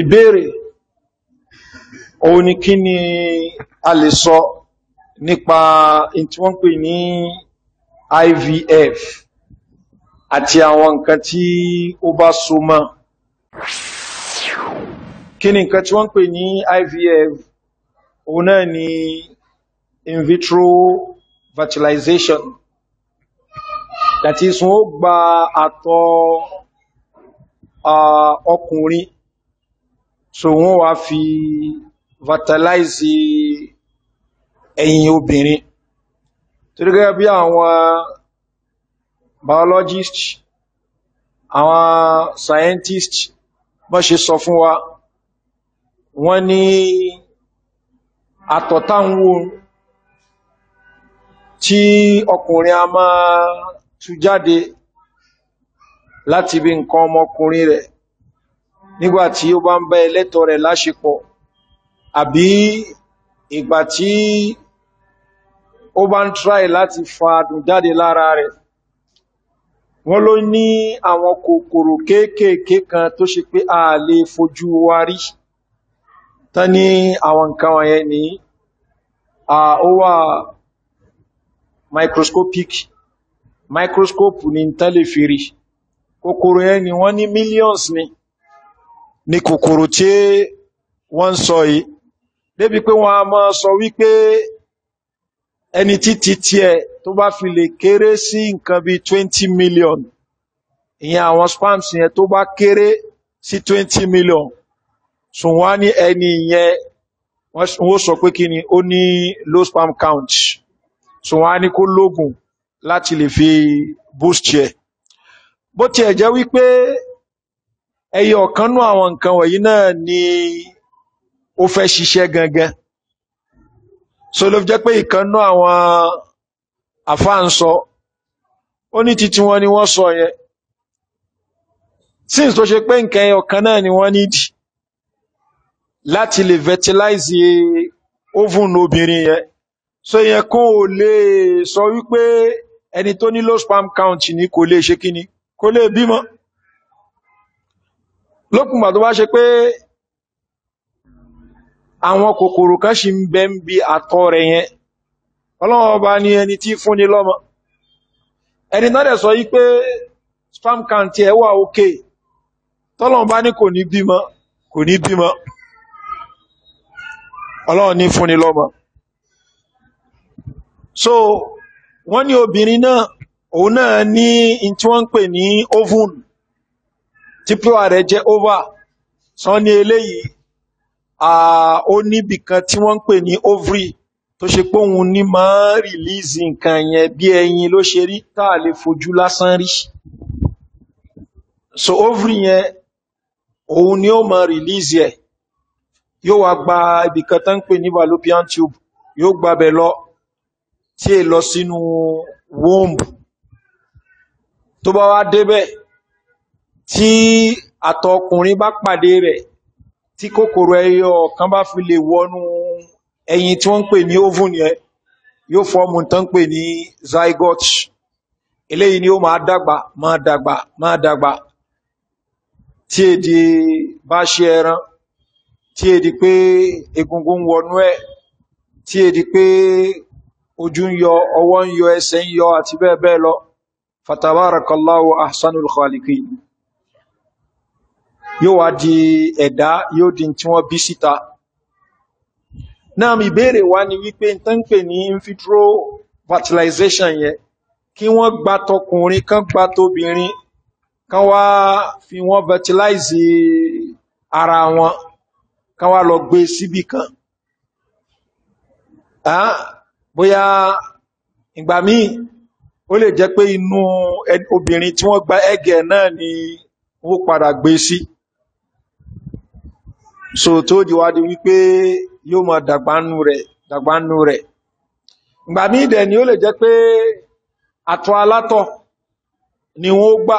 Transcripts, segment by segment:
ìbéèrè òun ni kí ni a lè sọ nípa tí wọ́n pè ní IVF àti àwọn nǹkan tí ó bá so mọ́ kí ni nǹkan tí wọ́n pè ní IVF òun náà ni in vitro fertilization that is wọ́n gba àtọ̀ ọkùnrin uh, so wọ́n wá fi vatalize ẹ̀yìn obìnrin torí gẹ́gẹ́ bí àwọn biologist àwọn scientist bọ́n ṣe sọ fún wa wọ́n ní àtọ̀táwò tí ọkùnrin a máa tú jáde láti bí nǹkan ọmọkùnrin rẹ̀ nígbà tí ó bá ń bá ẹlẹ́tọ̀ rẹ̀ láṣepọ̀ àbí ìgbà tí ó bá ń tráì láti fa adùn jáde lára rẹ̀ wọ́n ló ní àwọn kòkòrò kéékèèké kan tó ṣe pé a lè fojú wa tán ní àwọn nǹkan wọ̀nyẹn ní ó microscopic microscope ni tán kòkòrò yẹn wọ́n ní millions ni ni kòkòrò tí wọ́n ń sọ yìí débi pé wọ́n a mọ́ sọ wípé ẹni títí tí ẹ tó bá fi lè kéré sí nǹkan bí 20 million ìyẹn àwọn spams yẹn tó bá kéré sí 20 million sùn wá ní ẹni yẹn wọ́n sọ pé kí ni ó ní low spam count sùn wá ní kó lóògùn láti lè fi boost yẹ bó tiẹ̀ jẹ́ wípé ẹyọ ọ̀kan nú àwọn nǹkan wọ̀nyí náà ni ó fẹ́ ṣiṣẹ́ gangan so ló fi jẹ́ pé ìkan nú àwọn àfáà ń ó ní titi wọn ni wọ́n sọ yẹn since tó ṣe pé nǹkan ẹyọ kan náà ni wọ́n nídìí láti lè fertilize oven obìnrin yẹn so yẹn kó o lè sọ wípé ẹni tó ní low spam count ni kò lè ṣe kíni kò lè bímọ. lókùnbà tó bá ṣe pé àwọn kòkòrò kan ṣe ń bẹ ń bí àtọ̀ rẹ̀ yẹn ọlọ́wọ́ ọba ní ẹni tí fúnni lọ́mọ ẹni náà sọ yí pé sperm count ẹ wà òkè tọ́lọ́wọ́ bá ní kò ní bímọ ní ní so wọ́n ní obìnrin náà òun náà ní in tí wọ́n ń pè tí pure rẹ̀ jẹ́ over sọ ní eléyìí ó níbì kan tí wọ́n ń pè ní ovary tó ṣe pé òun ní máa rìlíìsì nǹkan yẹn bí ẹyin ló ṣe rí tá a lè fojú lásán so ovary yẹn òun ni ó máa rìlíìsì ẹ̀ yóò wá gba ibìkan tó ń pè ní fallopian tube yóò gbabẹ̀ lọ tí è lọ sínú womb tó bá wá débẹ̀ tí àtọ̀ ọkùnrin bá pàdé rẹ̀ tí kòkòrò ẹyọ kan bá fi lè wọnú ẹyin tí wọ́n ń pè ní oven yẹn yóò fọ́ọ̀mù tán ń pè ní zygote eléyìí ni ó máa dàgbà máa dàgbà máa dàgbà tí èdè bá ṣe ẹran tí èdè pé egungun ń wọnú ẹ̀ tí èdè pé ojú ń yọ ọwọ́ ń yọ ẹsẹ̀ ń yọ àti bẹ́ẹ̀ bẹ́ẹ̀ lọ fatabarakallahu ahsanul khaliqin yóò wá di ẹ̀dá yóò di tí wọ́n bí síta náà mi béèrè wá ní wípé tán ní in fertilization yẹn kí wọ́n gba tọkùnrin kan gba tóbìnrin kan wá fi wọ́n fertilize ara wọn kan wá lọ gbé e síbì kan bóyá ìgbà míì ó lè jẹ́ pé inú obìnrin tí wọ́n gba ẹgẹ̀ náà ni wọ́n padà gbé e sí si so tó dìwádìí wípé yóò mọ̀ dàgbánú rẹ̀ dàgbánú rẹ ìgbà mí ìdẹ̀ ni ó lè jẹ́ pé àtọ̀ alátọ̀ ni wọ́n gbà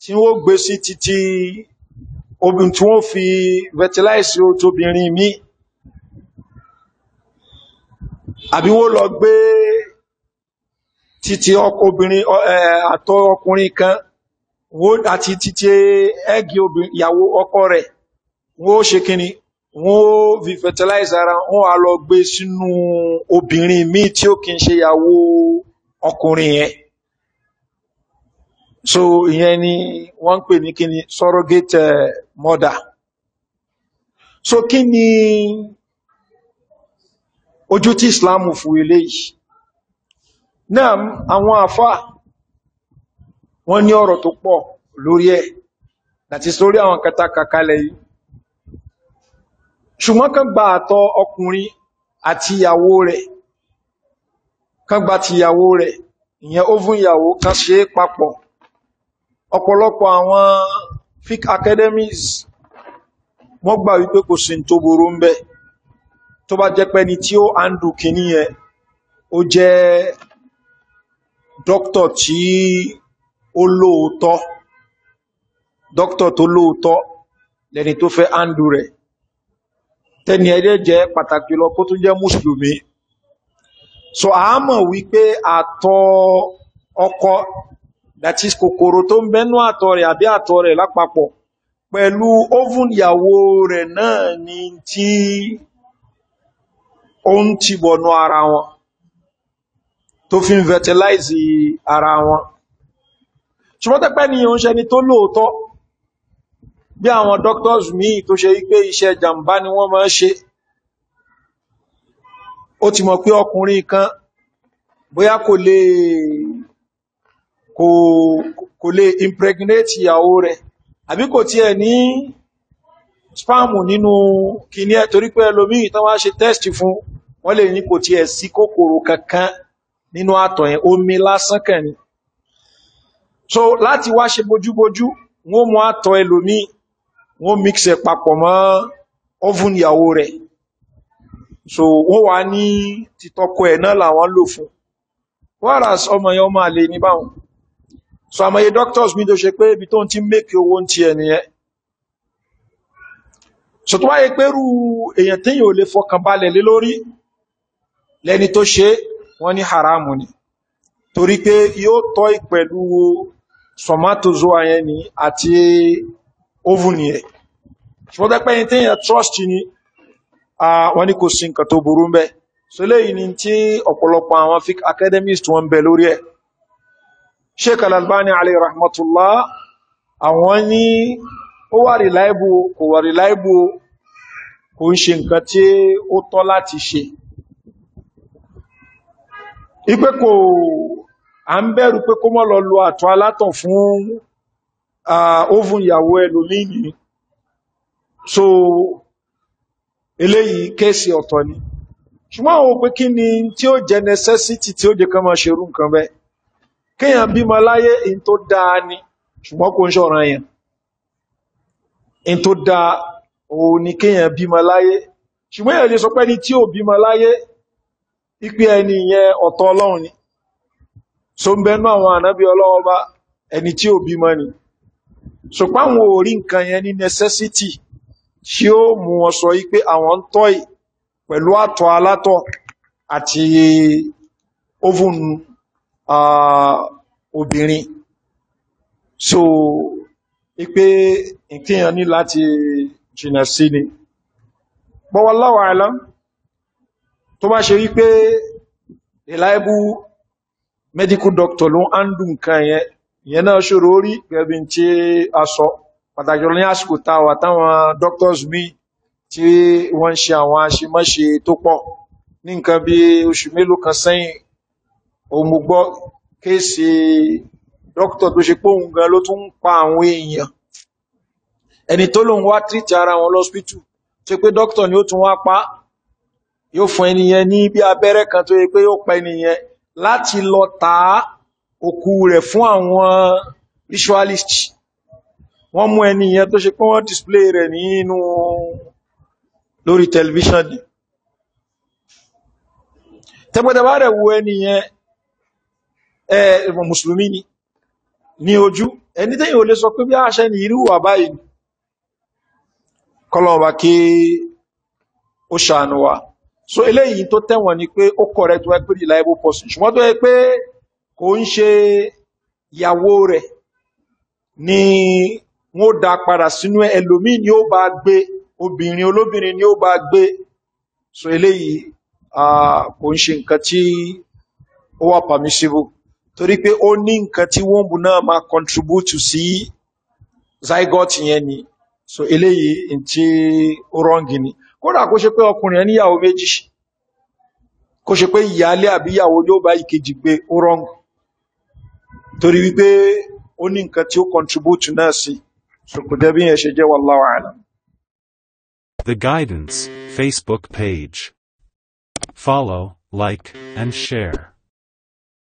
tí wọ́n gbé sí títí obìn tí wọ́n fi vetiláìsì ó tóbìnrin mí àbí wọ́n lọ gbé títí obìnrin àtọ̀ ọkùnrin kan àti títí ẹ́gì ìyàwó ọkọ rẹ. wọ́n ó ṣe kíni wọ́n ó fi fertilize ara wọ́n á lọ gbé sínú obìnrin míì tí ó kì í ṣe ìyàwó ọkùnrin yẹn so ìyẹn ni wọ́n ń pè ní kíni surrogate eh, mother so kí ni ojú tí Islam fún eléyìí náà àwọn àfá wọ́n ní ọ̀rọ̀ tó pọ̀ lórí ẹ̀ àti sórí àwọn katakàkalẹ̀ yìí ṣùgbọ́n kan gba àtọ ọkùnrin àti ìyàwó rẹ̀ kan gba ti ìyàwó rẹ̀ ìyẹn ovun ìyàwó kan ṣe papọ̀ ọ̀pọ̀lọpọ̀ àwọn fic academies wọ́n gbà wípé kò sí tó burú ń bẹ tó bá jẹ́ pẹ́ni tí ó àndù kìíní ẹ ó jẹ́ dókítọ̀ tí ó lóòótọ́ dókítọ̀ tó lóòótọ́ lẹ́ni tó fẹ́ àndù rẹ̀ tẹ́ni ẹdẹ́ jẹ́ pàtàkì lọ kó tún jẹ́ mùsùlùmí so a mọ̀ wípé àtọ̀ ọkọ that is kòkòrò tó ń bẹ́nú àtọ̀ rẹ̀ àbí àtọ̀ rẹ̀ lápapọ̀ pẹ̀lú oven ìyàwó rẹ̀ náà ni tí ó ń ti bọ̀nú ara wọn tó fi ń fertilize ara wọn ṣùgbọ́n tẹ́pẹ́ ni òun ṣẹni tó lóòótọ́ bí àwọn doctors míì tó ṣe wípé iṣẹ́ jàmbá ni wọ́n máa ṣe ó ti mọ̀ pé ọkùnrin kan bóyá kò lè kò lè impregnate ìyàwó rẹ̀ àbí kò tiẹ̀ ní spam nínú kìíní ẹ̀ torí pé ẹlòmíì tán wá ṣe test fún wọ́n lè ní kò tiẹ̀ sí kòkòrò kankan nínú àtọ̀ yẹn omi lásán kàn so láti wá ṣe bójúbójú wọ́n mú àtọ̀ ẹlòmíì wọ́n mix ẹ̀ papọ̀ mọ́ oven ìyàwó rẹ̀ so wọ́n wá ní títọ́kọ ẹ̀ náà làwọn lò fún whereas ọmọ yẹn ọmọ àlè ní báwọn so àmọye doctors mi tó ṣe pé ibi tó ń ti make owó ń ti ẹniyẹn so tó wáyé pẹ́rù èyàn téyàn ò lè fọkàn balẹ̀ lé lórí lẹ́ni tó ṣe wọ́n ní haramu ni torí pé yóò tọ́ ìpẹ̀lú somatozoa yẹn ni àti oven yẹn ṣùgbọ́n pẹ́ yìí tíyàn trust ni wọ́n ní kò sí nǹkan tó burú ń bẹ so léyìí ni tí ọ̀pọ̀lọpọ̀ àwọn fiqh academist wọ́n bẹ lórí ẹ̀ Sheikh Al-Albani alayhi rahmatullah àwọn ní ó wà rìláìbù kò wà rìláìbù kò ń ṣe nǹkan tí ó tọ́ láti ṣe ipé kò à ń bẹ̀rù pé kó mọ́ lọ lo àtọ́ alátọ̀ fún oven ìyàwó ẹlòmíì so eléyìí kesi ọ̀tọ̀ ni ṣùgbọ́n àwọn pé kí ni tí ó jẹ́ necessity tí ó jẹ́ kan máa ṣerú nǹkan bẹ́ẹ̀ kéèyàn bímọ láyé in tó dáa ni ṣùgbọ́n kò ń ṣọ̀ràn yẹn in tó dáa òun ni kéèyàn bímọ láyé ṣùgbọ́n èèyàn lè sọ pé ní tí ò bímọ láyé ipe ẹni ìyẹn ọ̀tọ̀ ọlọ́run ni so ń bẹnu àwọn ànábí ọlọ́wọ́ bá ẹni tí ò bímọ ni so páwọn ò nǹkan yẹn ní necessity tí ó mú wọn sọ wípé àwọn ń tọ́ pẹ̀lú àtọ̀ alátọ̀ àti ovun obìnrin so wípé ìkíyàn ní láti jìnà sí ni bọ́wọ́ láwọ̀ àìlá tó bá ṣe wípé reliable medical doctor ló ń dùn kan yẹn yẹn náà ṣòro orí gẹ́bí tí a sọ so, pàtàkì ní àsìkò táwọn doctors mi tí wọ́n ń ṣe àwọn aṣemáṣe tó pọ̀ ní nǹkan bí oṣù mélòó kan sẹ́yìn òmùgbọ́ kéèsì dókítọ̀ tó ṣe póhùn gan ló tún ń pa àwọn èèyàn ẹni tó lòun wá tírìtì ara wọn lọ́spítù tó pé dókítọ̀ ni ó tún wá pa yóò fún ẹniyẹn ní bí abẹ́rẹ́ kan tó yẹ pé yóò pa ẹniyẹn láti lọ ta òkú rẹ̀ fún àwọn ritualists wọ́n mú ẹni yẹn tó ṣe pé wọ́n display rẹ̀ nínú lórí television ni tẹ́gbẹ́dẹ̀bá rẹ̀ wo ẹni yẹn ẹ̀rọ mùsùlùmí ni ní ojú ẹni tẹ́yìn ò lè sọ pé bí àṣẹ ni irú wà báyìí kọlọ̀ọ̀bà kí ó ṣàánú wa so eléyìí tó tẹ́wọ̀n ni pé ó correct wá pé reliable person ṣùgbọ́n tó yẹ pé kò ń ṣe ìyàwó rẹ̀ ní wọn ó dá padà sínú ẹlòmí ni ó bá gbé obìnrin olóbìnrin ni ó bá gbé so eléyìí kò ń ṣe nǹkan tí ó wà permissible torí pé ó ní nǹkan tí wọ́n bú náà máa contribute sí zygote yẹn ni so eléyìí n tí ó rọ́ǹgì ni kódà kó ṣe pé ọkùnrin yẹn níyàwó méjì kó ṣe pé ìyálé àbí ìyàwó yóò bá ìkejì gbé ó rọ́ǹgì torí wípé ó ní nǹkan tí ó contribute náà sí si. The Guidance Facebook page. Follow, like, and share.